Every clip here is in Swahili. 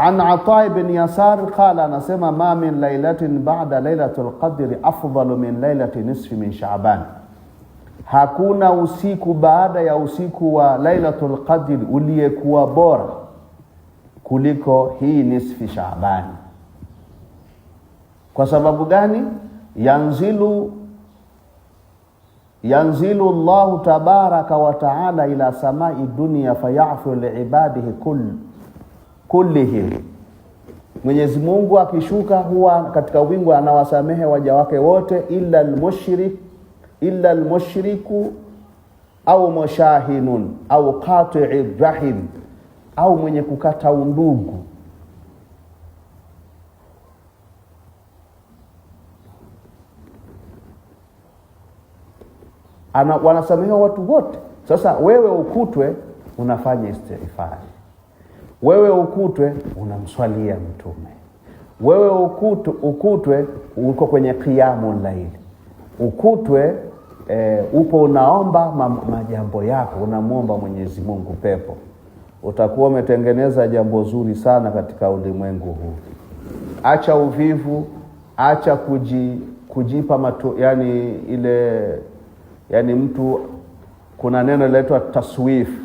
An Ataa ibn Yasar qala, anasema ma min lailatin ba'da lailatul qadri afdalu min lailati nisfi min Shaaban, hakuna usiku baada ya usiku wa lailatul qadri uliyekuwa bora kuliko hii nisfi Shaabani. Kwa sababu gani? yanzilu yanzilu Allahu tabaraka wa ila samai dunya fayafu liibadihi kullu kullihim. Mwenyezi Mungu akishuka huwa katika wingu anawasamehe waja wake wote, illa almushrik illa almushriku au mushahinun au qati'i rahim au mwenye kukata undugu. Ana, wanasamehewa watu wote. Sasa wewe ukutwe unafanya istighfari wewe ukutwe unamswalia Mtume, wewe ukutu, ukutwe uko kwenye kiamu laili, ukutwe e, upo unaomba ma, majambo yako, unamwomba Mwenyezi Mungu pepo, utakuwa umetengeneza jambo zuri sana katika ulimwengu huu. Acha uvivu, acha kuji, kujipa matu, yani ile yani mtu kuna neno linaitwa taswifu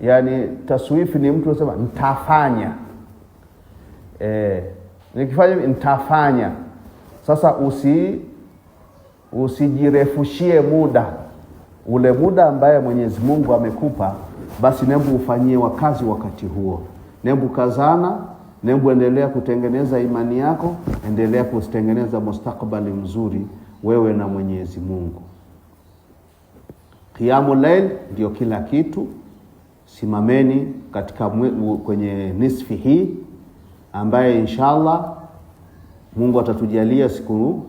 yani taswifi ni mtu anasema ntafanya e, nikifanya ntafanya Sasa usi usijirefushie muda ule muda ambaye Mwenyezi Mungu amekupa, basi nembu ufanyie wakazi wakati huo. Nembu kazana, nembu endelea kutengeneza imani yako, endelea kutengeneza mustakabali mzuri wewe na Mwenyezi Mungu. Kiamu lail ndio kila kitu simameni katika kwenye nisfi hii ambaye inshallah Mungu atatujalia siku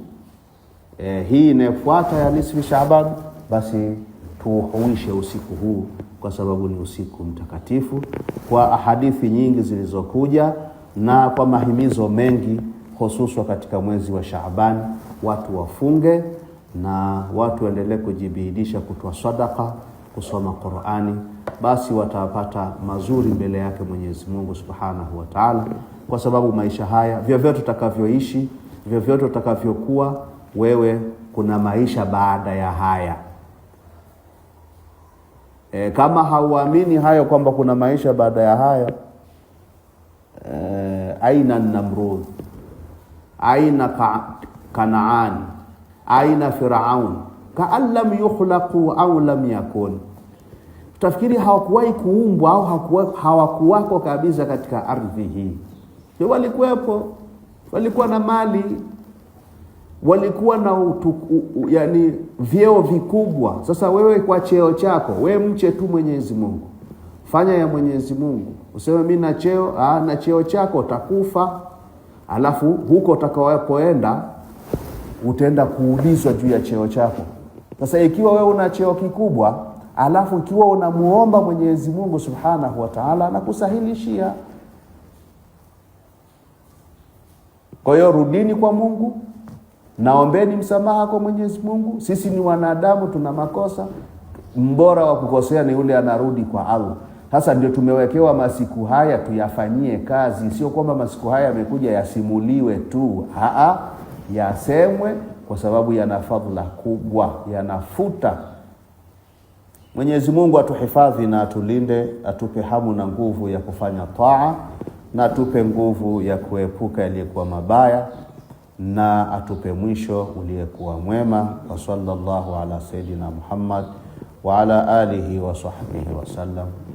eh, hii inayofuata ya nisfi Shaaban, basi tuuhuishe usiku huu kwa sababu ni usiku mtakatifu kwa ahadithi nyingi zilizokuja na kwa mahimizo mengi, hususwa katika mwezi wa Shaaban, watu wafunge na watu waendelee kujibidisha kutoa sadaka kusoma Qur'ani, basi watapata mazuri mbele yake Mwenyezi Mungu Subhanahu wa Ta'ala, kwa sababu maisha haya vyovyote utakavyoishi, vyovyote utakavyokuwa wewe, kuna maisha baada ya haya. E, kama hauamini hayo kwamba kuna maisha baada ya haya e, aina Namrud, aina Kanaani, aina Firaun kaan lam yukhlaqu au lam yakun, tafikiri hawakuwahi kuumbwa au hawakuwako kabisa katika ardhi hii. Walikuwepo, walikuwa na mali, walikuwa na utu, u, yani vyeo vikubwa. Sasa wewe kwa cheo chako we mche tu Mwenyezi Mungu, fanya ya Mwenyezi Mungu, useme mi na cheo ah, na cheo chako utakufa, alafu huko utakapoenda utaenda kuulizwa juu ya cheo chako. Sasa ikiwa wewe una cheo kikubwa alafu ikiwa unamuomba Mwenyezi Mungu Subhanahu wa Ta'ala anakusahilishia. Kwa hiyo rudini kwa Mungu, naombeni msamaha kwa Mwenyezi Mungu. Sisi ni wanadamu, tuna makosa. Mbora wa kukosea ni yule anarudi kwa Allah. Sasa ndio tumewekewa masiku haya tuyafanyie kazi, sio kwamba masiku haya yamekuja yasimuliwe tu. Haa yasemwe, kwa sababu yana fadhila kubwa, yanafuta. Mwenyezi Mungu atuhifadhi na atulinde, atupe hamu na nguvu ya kufanya taa na atupe nguvu ya kuepuka yaliyokuwa mabaya na atupe mwisho uliyekuwa mwema. wa sallallahu ala sayidina Muhammad wa ala alihi wa sahbihi wasallam.